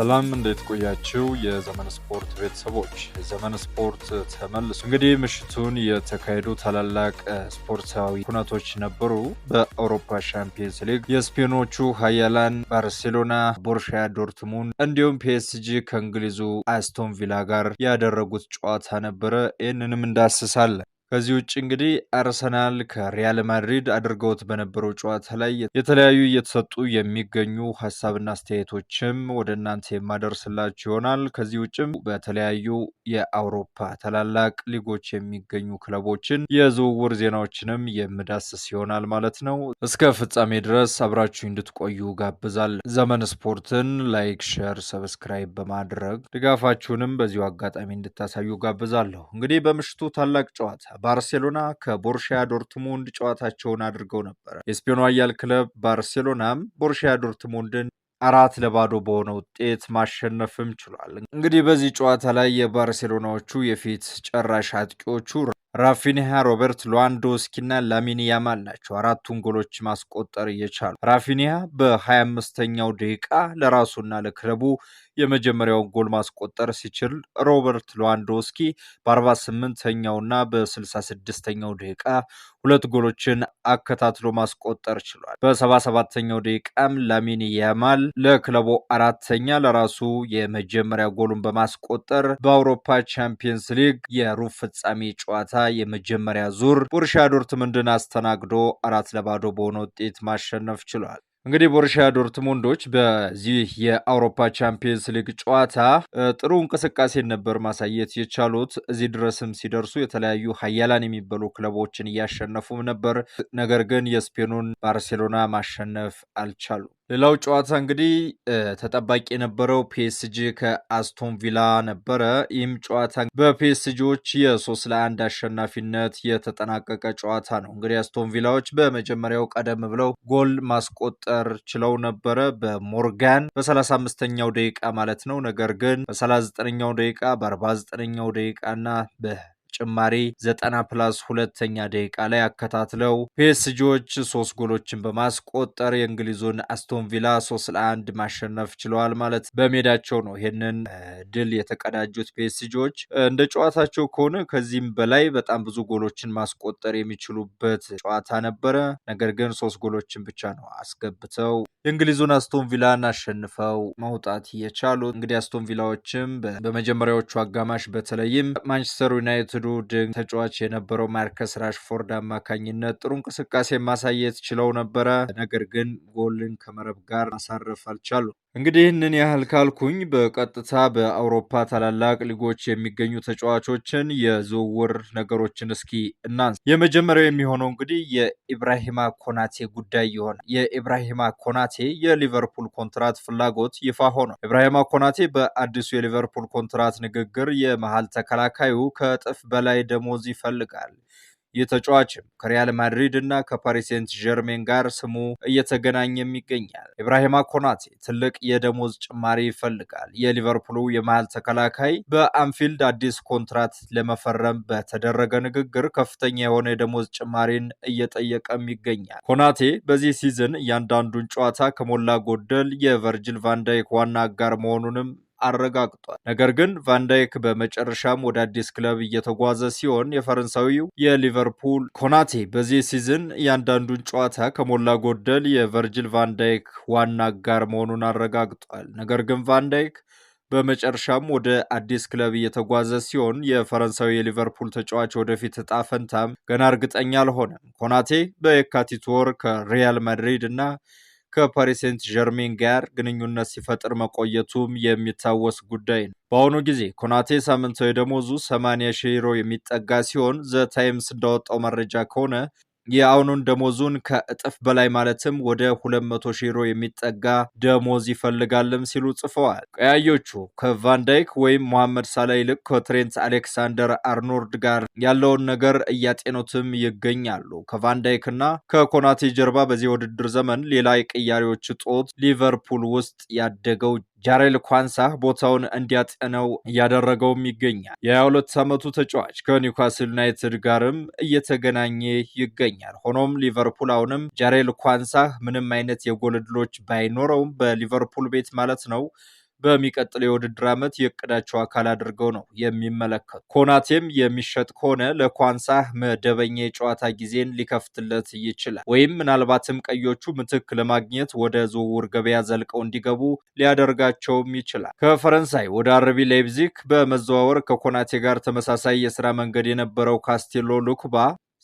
ሰላም እንዴት ቆያችው የዘመን ስፖርት ቤተሰቦች ዘመን ስፖርት ተመልሶ እንግዲህ ምሽቱን የተካሄዱ ታላላቅ ስፖርታዊ ኩነቶች ነበሩ። በአውሮፓ ሻምፒየንስ ሊግ የስፔኖቹ ሀያላን፣ ባርሴሎና፣ ቦርሻያ ዶርትሙንድ እንዲሁም ፒኤስጂ ከእንግሊዙ አስቶን ቪላ ጋር ያደረጉት ጨዋታ ነበረ። ይህንንም እንዳስሳለን። ከዚህ ውጭ እንግዲህ አርሰናል ከሪያል ማድሪድ አድርገውት በነበረው ጨዋታ ላይ የተለያዩ እየተሰጡ የሚገኙ ሀሳብና አስተያየቶችም ወደ እናንተ የማደርስላችሁ ይሆናል። ከዚህ ውጭም በተለያዩ የአውሮፓ ታላላቅ ሊጎች የሚገኙ ክለቦችን የዝውውር ዜናዎችንም የምዳስስ ይሆናል ማለት ነው። እስከ ፍጻሜ ድረስ አብራችሁ እንድትቆዩ ጋብዛል። ዘመን ስፖርትን ላይክ፣ ሸር፣ ሰብስክራይብ በማድረግ ድጋፋችሁንም በዚሁ አጋጣሚ እንድታሳዩ ጋብዛለሁ። እንግዲህ በምሽቱ ታላቅ ጨዋታ ባርሴሎና ከቦርሻያ ዶርትሙንድ ጨዋታቸውን አድርገው ነበረ። የስፔኑ አያል ክለብ ባርሴሎናም ቦርሻያ ዶርትሙንድን አራት ለባዶ በሆነ ውጤት ማሸነፍም ችሏል። እንግዲህ በዚህ ጨዋታ ላይ የባርሴሎናዎቹ የፊት ጨራሽ አጥቂዎቹ ራፊኒሃ፣ ሮበርት ሉዋንዶስኪ እና ላሚን ያማል ናቸው አራቱን ጎሎች ማስቆጠር እየቻሉ። ራፊኒሃ በ25ኛው ደቂቃ ለራሱና ለክለቡ የመጀመሪያውን ጎል ማስቆጠር ሲችል ሮበርት ሌዋንዶውስኪ በ48ኛውና በ66ኛው ደቂቃ ሁለት ጎሎችን አከታትሎ ማስቆጠር ችሏል። በ77ኛው ደቂቃም ላሚን ያማል ለክለቡ አራተኛ ለራሱ የመጀመሪያ ጎሉን በማስቆጠር በአውሮፓ ቻምፒየንስ ሊግ የሩብ ፍጻሜ ጨዋታ የመጀመሪያ ዙር ቦሩሺያ ዶርትሙንድን አስተናግዶ አራት ለባዶ በሆነ ውጤት ማሸነፍ ችሏል። እንግዲህ ቦሩሲያ ዶርትሙንዶች በዚህ የአውሮፓ ቻምፒየንስ ሊግ ጨዋታ ጥሩ እንቅስቃሴን ነበር ማሳየት የቻሉት። እዚህ ድረስም ሲደርሱ የተለያዩ ሀያላን የሚባሉ ክለቦችን እያሸነፉም ነበር። ነገር ግን የስፔኑን ባርሴሎና ማሸነፍ አልቻሉም። ሌላው ጨዋታ እንግዲህ ተጠባቂ የነበረው ፒኤስጂ ከአስቶን ቪላ ነበረ። ይህም ጨዋታ በፒኤስጂዎች የሶስት ለአንድ አሸናፊነት የተጠናቀቀ ጨዋታ ነው። እንግዲህ አስቶን ቪላዎች በመጀመሪያው ቀደም ብለው ጎል ማስቆጠር ችለው ነበረ በሞርጋን በ35ኛው ደቂቃ ማለት ነው። ነገር ግን በ39ኛው ደቂቃ በ49ኛው ደቂቃ እና በ ጭማሪ 90 ፕላስ ሁለተኛ ደቂቃ ላይ አከታትለው ፒኤስጂዎች ሶስት ጎሎችን በማስቆጠር የእንግሊዙን አስቶን ቪላ ሶስት ለአንድ ማሸነፍ ችለዋል። ማለት በሜዳቸው ነው ይህንን ድል የተቀዳጁት ፒኤስጂዎች። እንደ ጨዋታቸው ከሆነ ከዚህም በላይ በጣም ብዙ ጎሎችን ማስቆጠር የሚችሉበት ጨዋታ ነበረ። ነገር ግን ሶስት ጎሎችን ብቻ ነው አስገብተው የእንግሊዙን አስቶን ቪላን አሸንፈው መውጣት የቻሉት። እንግዲህ አስቶን ቪላዎችም በመጀመሪያዎቹ አጋማሽ በተለይም ማንቸስተር ዩናይትድ በዩናይትዱ ድንቅ ተጫዋች የነበረው ማርከስ ራሽፎርድ አማካኝነት ጥሩ እንቅስቃሴ ማሳየት ችለው ነበረ። ነገር ግን ጎልን ከመረብ ጋር ማሳረፍ አልቻሉ። እንግዲህ ይህንን ያህል ካልኩኝ በቀጥታ በአውሮፓ ታላላቅ ሊጎች የሚገኙ ተጫዋቾችን የዝውውር ነገሮችን እስኪ እናንስ። የመጀመሪያው የሚሆነው እንግዲህ የኢብራሂማ ኮናቴ ጉዳይ የሆነ የኢብራሂማ ኮናቴ የሊቨርፑል ኮንትራት ፍላጎት ይፋ ሆነ። ኢብራሂማ ኮናቴ በአዲሱ የሊቨርፑል ኮንትራት ንግግር የመሀል ተከላካዩ ከእጥፍ በላይ ደሞዝ ይፈልጋል። ይህ ከሪያል ማድሪድ እና ከፓሪስ ሴንት ጀርሜን ጋር ስሙ እየተገናኘም ይገኛል። ኢብራሂማ ኮናቴ ትልቅ የደሞዝ ጭማሪ ይፈልጋል። የሊቨርፑሉ የመሃል ተከላካይ በአንፊልድ አዲስ ኮንትራት ለመፈረም በተደረገ ንግግር ከፍተኛ የሆነ የደሞዝ ጭማሪን እየጠየቀም ይገኛል። ኮናቴ በዚህ ሲዝን እያንዳንዱን ጨዋታ ከሞላ ጎደል የቨርጅል ቫንዳይክ ዋና አጋር መሆኑንም አረጋግጧል። ነገር ግን ቫንዳይክ በመጨረሻም ወደ አዲስ ክለብ እየተጓዘ ሲሆን የፈረንሳዊው የሊቨርፑል ኮናቴ በዚህ ሲዝን እያንዳንዱን ጨዋታ ከሞላ ጎደል የቨርጅል ቫንዳይክ ዋና አጋር መሆኑን አረጋግጧል። ነገር ግን ቫንዳይክ በመጨረሻም ወደ አዲስ ክለብ እየተጓዘ ሲሆን የፈረንሳዊ የሊቨርፑል ተጫዋች ወደፊት እጣ ፈንታም ገና እርግጠኛ አልሆነም። ኮናቴ በየካቲት ወር ከሪያል ማድሪድ እና ከፓሪስ ጀርሜን ጋር ግንኙነት ሲፈጥር መቆየቱም የሚታወስ ጉዳይ ነው። በአሁኑ ጊዜ ኮናቴ ሳምንታዊ ደሞዙ 80 ሺህ ዩሮ የሚጠጋ ሲሆን ዘ ታይምስ እንዳወጣው መረጃ ከሆነ የአሁኑን ደሞዙን ከእጥፍ በላይ ማለትም ወደ 200 ሺህ ዩሮ የሚጠጋ ደሞዝ ይፈልጋልም ሲሉ ጽፈዋል። ቀያዮቹ ከቫንዳይክ ወይም መሐመድ ሳላ ይልቅ ከትሬንት አሌክሳንደር አርኖልድ ጋር ያለውን ነገር እያጤኑትም ይገኛሉ። ከቫንዳይክና ከኮናቴ ጀርባ በዚህ ውድድር ዘመን ሌላ የቅያሪዎች ጦት ሊቨርፑል ውስጥ ያደገው ጃሬል ኳንሳ ቦታውን እንዲያጠነው እያደረገውም ይገኛል። የ22 ዓመቱ ተጫዋች ከኒውካስል ዩናይትድ ጋርም እየተገናኘ ይገኛል። ሆኖም ሊቨርፑል አሁንም ጃሬል ኳንሳ ምንም አይነት የጎል ባይኖረውም በሊቨርፑል ቤት ማለት ነው በሚቀጥለው የውድድር ዓመት የእቅዳቸው አካል አድርገው ነው የሚመለከቱ። ኮናቴም የሚሸጥ ከሆነ ለኳንሳ መደበኛ የጨዋታ ጊዜን ሊከፍትለት ይችላል። ወይም ምናልባትም ቀዮቹ ምትክ ለማግኘት ወደ ዝውውር ገበያ ዘልቀው እንዲገቡ ሊያደርጋቸውም ይችላል። ከፈረንሳይ ወደ አርቢ ላይፕዚግ በመዘዋወር ከኮናቴ ጋር ተመሳሳይ የስራ መንገድ የነበረው ካስቴሎ ሉክባ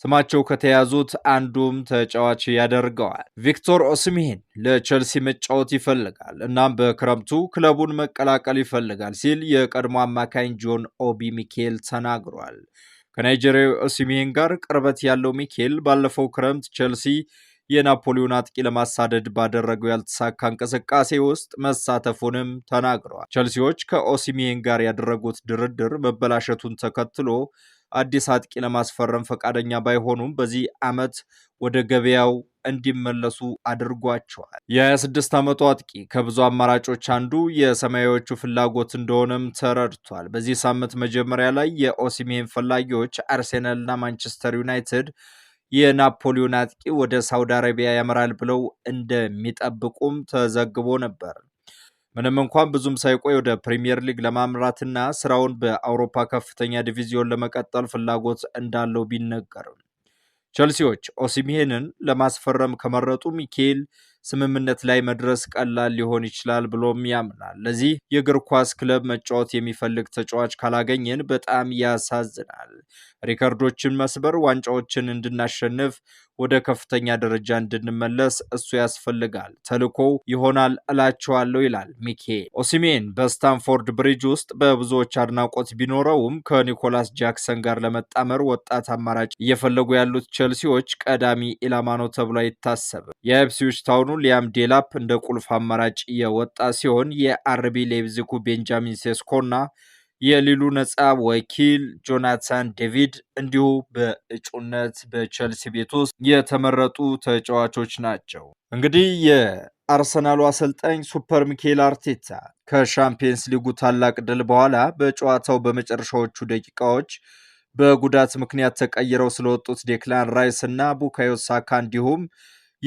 ስማቸው ከተያዙት አንዱም ተጫዋች ያደርገዋል። ቪክቶር ኦስሚሄን ለቸልሲ መጫወት ይፈልጋል እናም በክረምቱ ክለቡን መቀላቀል ይፈልጋል ሲል የቀድሞ አማካኝ ጆን ኦቢ ሚኬል ተናግሯል። ከናይጄሪያዊ ኦስሚሄን ጋር ቅርበት ያለው ሚኬል ባለፈው ክረምት ቸልሲ የናፖሊዮን አጥቂ ለማሳደድ ባደረገው ያልተሳካ እንቅስቃሴ ውስጥ መሳተፉንም ተናግረዋል። ቸልሲዎች ከኦሲሚየን ጋር ያደረጉት ድርድር መበላሸቱን ተከትሎ አዲስ አጥቂ ለማስፈረም ፈቃደኛ ባይሆኑም በዚህ ዓመት ወደ ገበያው እንዲመለሱ አድርጓቸዋል። የ26 ዓመቱ አጥቂ ከብዙ አማራጮች አንዱ የሰማያዎቹ ፍላጎት እንደሆነም ተረድቷል። በዚህ ሳምንት መጀመሪያ ላይ የኦሲሜን ፈላጊዎች አርሴናልና ማንቸስተር ዩናይትድ የናፖሊዮን አጥቂ ወደ ሳውዲ አረቢያ ያመራል ብለው እንደሚጠብቁም ተዘግቦ ነበር። ምንም እንኳን ብዙም ሳይቆይ ወደ ፕሪምየር ሊግ ለማምራትና ስራውን በአውሮፓ ከፍተኛ ዲቪዚዮን ለመቀጠል ፍላጎት እንዳለው ቢነገርም ቸልሲዎች ኦሲሚሄንን ለማስፈረም ከመረጡ ሚኬል ስምምነት ላይ መድረስ ቀላል ሊሆን ይችላል ብሎም ያምናል። ለዚህ የእግር ኳስ ክለብ መጫወት የሚፈልግ ተጫዋች ካላገኘን በጣም ያሳዝናል። ሪከርዶችን መስበር፣ ዋንጫዎችን እንድናሸንፍ፣ ወደ ከፍተኛ ደረጃ እንድንመለስ እሱ ያስፈልጋል፣ ተልዕኮው ይሆናል እላቸዋለሁ ይላል ሚኬ ኦሲሜን። በስታንፎርድ ብሪጅ ውስጥ በብዙዎች አድናቆት ቢኖረውም ከኒኮላስ ጃክሰን ጋር ለመጣመር ወጣት አማራጭ እየፈለጉ ያሉት ቼልሲዎች ቀዳሚ ኢላማ ነው ተብሎ አይታሰብም። የኢፕስዊች ታውኑ ሊያም ዴላፕ እንደ ቁልፍ አማራጭ የወጣ ሲሆን የአርቢ ሌብዚኩ ቤንጃሚን ሴስኮና የሊሉ ነጻ ወኪል ጆናታን ዴቪድ እንዲሁ በእጩነት በቸልሲ ቤት ውስጥ የተመረጡ ተጫዋቾች ናቸው። እንግዲህ የአርሰናሉ አሰልጣኝ ሱፐር ሚኬል አርቴታ ከሻምፒየንስ ሊጉ ታላቅ ድል በኋላ በጨዋታው በመጨረሻዎቹ ደቂቃዎች በጉዳት ምክንያት ተቀይረው ስለወጡት ዴክላን ራይስ እና ቡካዮ ሳካ እንዲሁም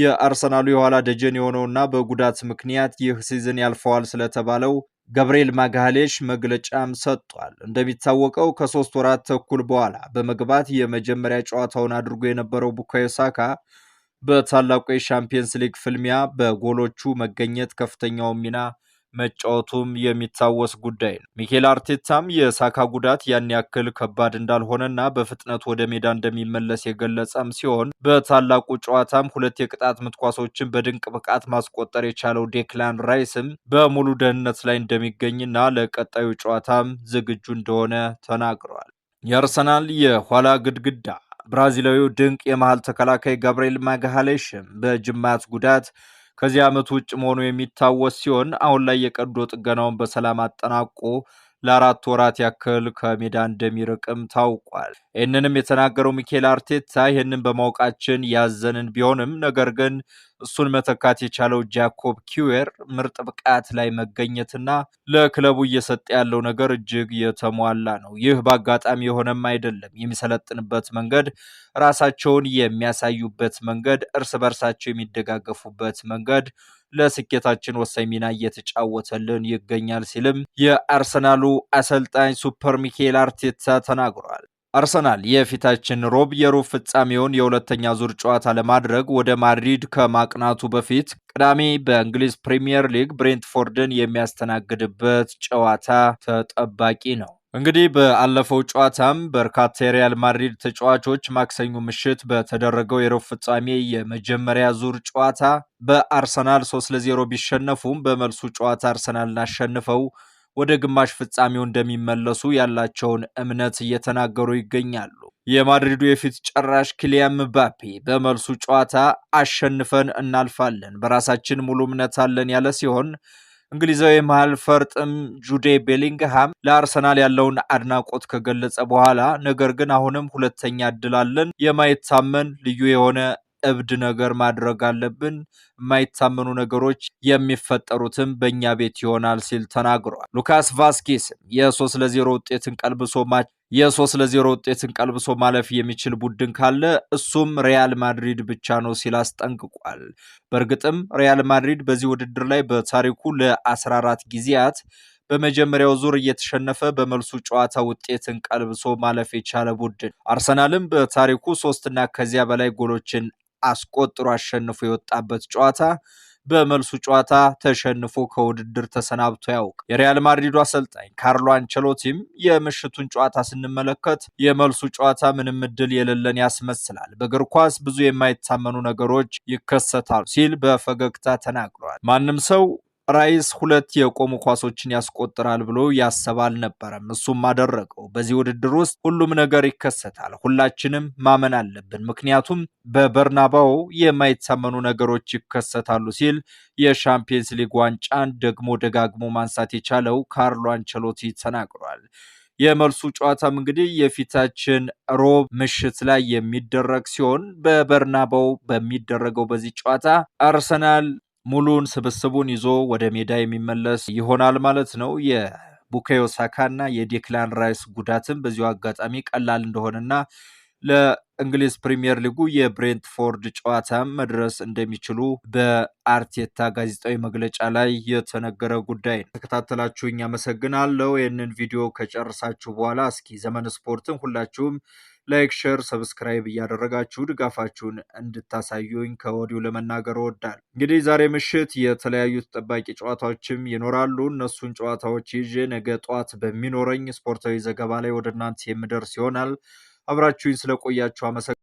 የአርሰናሉ የኋላ ደጀን የሆነውና በጉዳት ምክንያት ይህ ሲዝን ያልፈዋል ስለተባለው ገብርኤል ማጋሌሽ መግለጫም ሰጥቷል። እንደሚታወቀው ከሶስት ወራት ተኩል በኋላ በመግባት የመጀመሪያ ጨዋታውን አድርጎ የነበረው ቡካዮ ሳካ በታላቁ የሻምፒየንስ ሊግ ፍልሚያ በጎሎቹ መገኘት ከፍተኛው ሚና መጫወቱም የሚታወስ ጉዳይ ነው። ሚኬል አርቴታም የሳካ ጉዳት ያን ያክል ከባድ እንዳልሆነና በፍጥነት ወደ ሜዳ እንደሚመለስ የገለጸም ሲሆን በታላቁ ጨዋታም ሁለት የቅጣት ምትኳሶችን በድንቅ ብቃት ማስቆጠር የቻለው ዴክላን ራይስም በሙሉ ደህንነት ላይ እንደሚገኝና ለቀጣዩ ጨዋታም ዝግጁ እንደሆነ ተናግረዋል። የአርሰናል የኋላ ግድግዳ ብራዚላዊው ድንቅ የመሃል ተከላካይ ጋብርኤል ማግሃሌሽም በጅማት ጉዳት ከዚህ ዓመት ውጭ መሆኑ የሚታወስ ሲሆን አሁን ላይ የቀዶ ጥገናውን በሰላም አጠናቆ ለአራት ወራት ያክል ከሜዳ እንደሚርቅም ታውቋል። ይህንንም የተናገረው ሚኬል አርቴታ ይህንን በማወቃችን ያዘንን ቢሆንም ነገር ግን እሱን መተካት የቻለው ጃኮብ ኪዌር ምርጥ ብቃት ላይ መገኘትና ለክለቡ እየሰጠ ያለው ነገር እጅግ የተሟላ ነው። ይህ በአጋጣሚ የሆነም አይደለም። የሚሰለጥንበት መንገድ፣ ራሳቸውን የሚያሳዩበት መንገድ፣ እርስ በርሳቸው የሚደጋገፉበት መንገድ ለስኬታችን ወሳኝ ሚና እየተጫወተልን ይገኛል ሲልም የአርሰናሉ አሰልጣኝ ሱፐር ሚኬል አርቴታ ተናግሯል። አርሰናል የፊታችን ሮብ የሩብ ፍጻሜውን የሁለተኛ ዙር ጨዋታ ለማድረግ ወደ ማድሪድ ከማቅናቱ በፊት ቅዳሜ በእንግሊዝ ፕሪምየር ሊግ ብሬንትፎርድን የሚያስተናግድበት ጨዋታ ተጠባቂ ነው። እንግዲህ በአለፈው ጨዋታም በርካታ የሪያል ማድሪድ ተጫዋቾች ማክሰኞ ምሽት በተደረገው የሩብ ፍጻሜ የመጀመሪያ ዙር ጨዋታ በአርሰናል 3 ለ0 ቢሸነፉም በመልሱ ጨዋታ አርሰናልን አሸንፈው ወደ ግማሽ ፍጻሜው እንደሚመለሱ ያላቸውን እምነት እየተናገሩ ይገኛሉ። የማድሪዱ የፊት ጨራሽ ኪሊያን ምባፔ በመልሱ ጨዋታ አሸንፈን እናልፋለን፣ በራሳችን ሙሉ እምነት አለን ያለ ሲሆን እንግሊዛዊ የመሃል ፈርጥም ጁዴ ቤሊንግሃም ለአርሰናል ያለውን አድናቆት ከገለጸ በኋላ ነገር ግን አሁንም ሁለተኛ እድል አለን፣ የማይታመን ልዩ የሆነ እብድ ነገር ማድረግ አለብን። የማይታመኑ ነገሮች የሚፈጠሩትም በእኛ ቤት ይሆናል ሲል ተናግሯል። ሉካስ ቫስኬስ የሶስት ለዜሮ ውጤትን ቀልብሶ የሶስት ለዜሮ ውጤትን ቀልብሶ ማለፍ የሚችል ቡድን ካለ እሱም ሪያል ማድሪድ ብቻ ነው ሲል አስጠንቅቋል። በእርግጥም ሪያል ማድሪድ በዚህ ውድድር ላይ በታሪኩ ለ14 ጊዜያት በመጀመሪያው ዙር እየተሸነፈ በመልሱ ጨዋታ ውጤትን ቀልብሶ ማለፍ የቻለ ቡድን አርሰናልም በታሪኩ ሶስትና ከዚያ በላይ ጎሎችን አስቆጥሮ አሸንፎ የወጣበት ጨዋታ በመልሱ ጨዋታ ተሸንፎ ከውድድር ተሰናብቶ ያውቅ። የሪያል ማድሪዱ አሰልጣኝ ካርሎ አንቸሎቲም የምሽቱን ጨዋታ ስንመለከት የመልሱ ጨዋታ ምንም እድል የሌለን ያስመስላል፣ በእግር ኳስ ብዙ የማይታመኑ ነገሮች ይከሰታሉ ሲል በፈገግታ ተናግሯል። ማንም ሰው ራይስ ሁለት የቆሙ ኳሶችን ያስቆጥራል ብሎ ያሰበ አልነበረም። እሱም አደረገው። በዚህ ውድድር ውስጥ ሁሉም ነገር ይከሰታል። ሁላችንም ማመን አለብን፣ ምክንያቱም በበርናባው የማይታመኑ ነገሮች ይከሰታሉ ሲል የሻምፒየንስ ሊግ ዋንጫን ደግሞ ደጋግሞ ማንሳት የቻለው ካርሎ አንቸሎቲ ተናግሯል። የመልሱ ጨዋታም እንግዲህ የፊታችን ሮብ ምሽት ላይ የሚደረግ ሲሆን በበርናባው በሚደረገው በዚህ ጨዋታ አርሰናል ሙሉን ስብስቡን ይዞ ወደ ሜዳ የሚመለስ ይሆናል ማለት ነው። የቡካዮ ሳካ እና የዴክላን ራይስ ጉዳትም በዚሁ አጋጣሚ ቀላል እንደሆነና እንግሊዝ ፕሪምየር ሊጉ የብሬንትፎርድ ጨዋታ መድረስ እንደሚችሉ በአርቴታ ጋዜጣዊ መግለጫ ላይ የተነገረ ጉዳይ ነው። ተከታተላችሁኝ አመሰግናለሁ። ይህንን ቪዲዮ ከጨረሳችሁ በኋላ እስኪ ዘመን ስፖርትን ሁላችሁም ላይክ፣ ሸር፣ ሰብስክራይብ እያደረጋችሁ ድጋፋችሁን እንድታሳዩኝ ከወዲሁ ለመናገር ወዳል። እንግዲህ ዛሬ ምሽት የተለያዩ ተጠባቂ ጨዋታዎችም ይኖራሉ። እነሱን ጨዋታዎች ይዤ ነገ ጠዋት በሚኖረኝ ስፖርታዊ ዘገባ ላይ ወደ እናንተ የምደርስ ይሆናል። አብራችሁኝ ስለቆያችሁ አመሰግናለሁ።